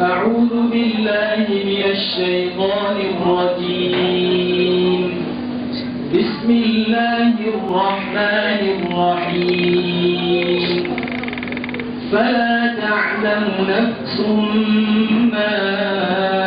أعوذ بالله من الشيطان الرجيم بسم الله الرحمن الرحيم فلا تعلم نفس ما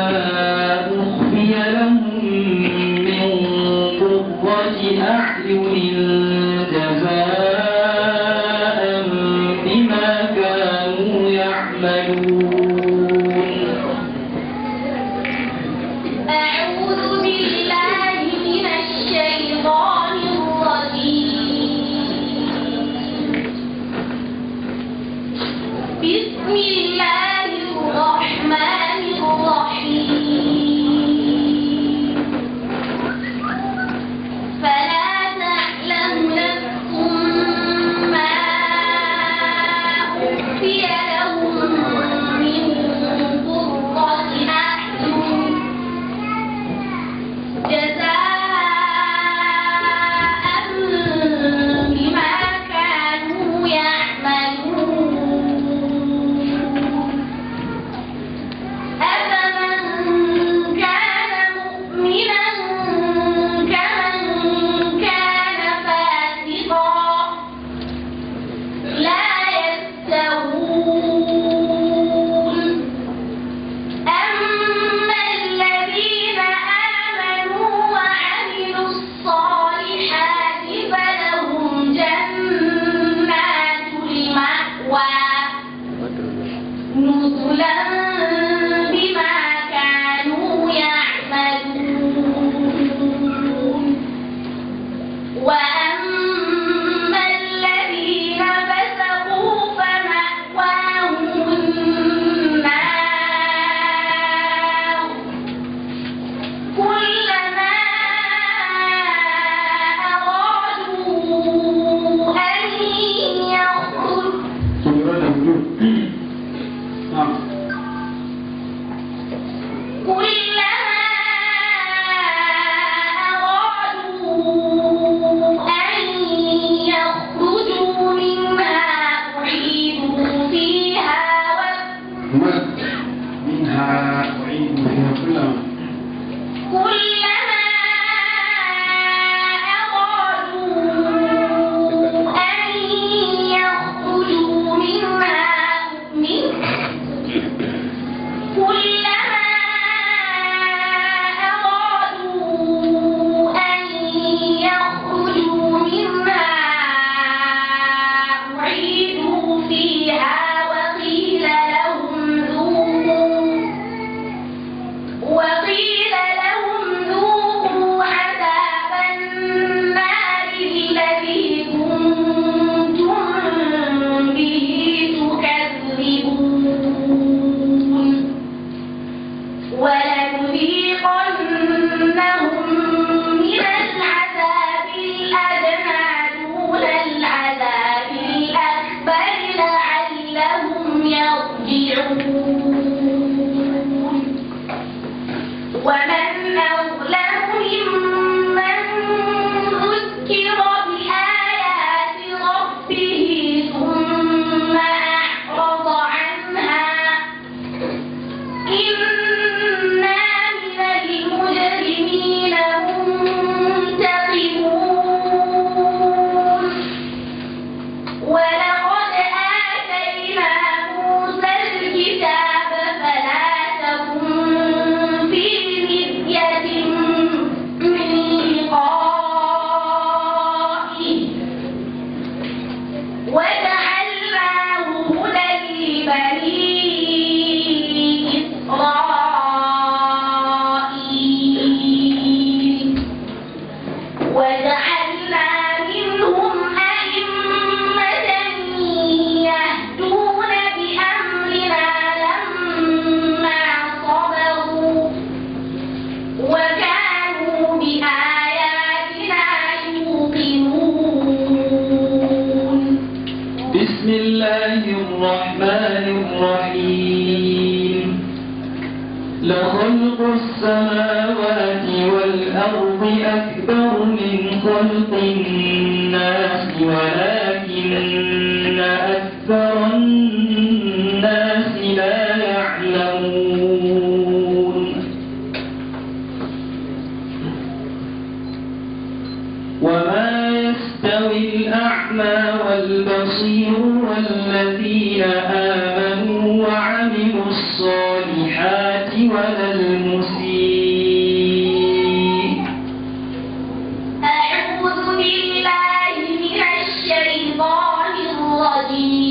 must أكبر من خلق الناس ولكن أكثر الناس لا يعلمون 一。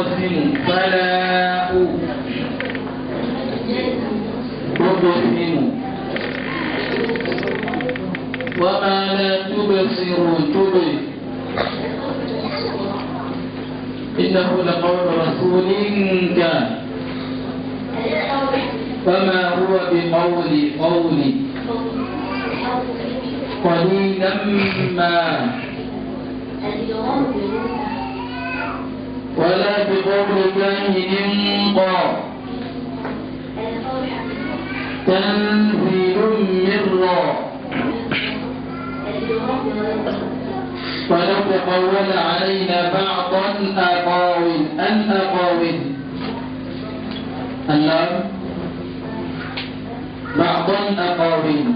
وقسم فلا وقسم وما لا تبصر تبصر إنه لقول رسول كان فما هو بقول قول قليلا ما ولا بقول كاهن قا تنزيل من را ولو تقول علينا بعض الأقاويل أن أقاويل اللام بعض الأقاويل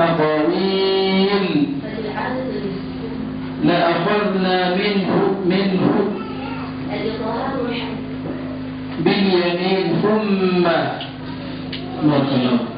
أقاويل لأخذنا منه منه باليمين ثم وكلام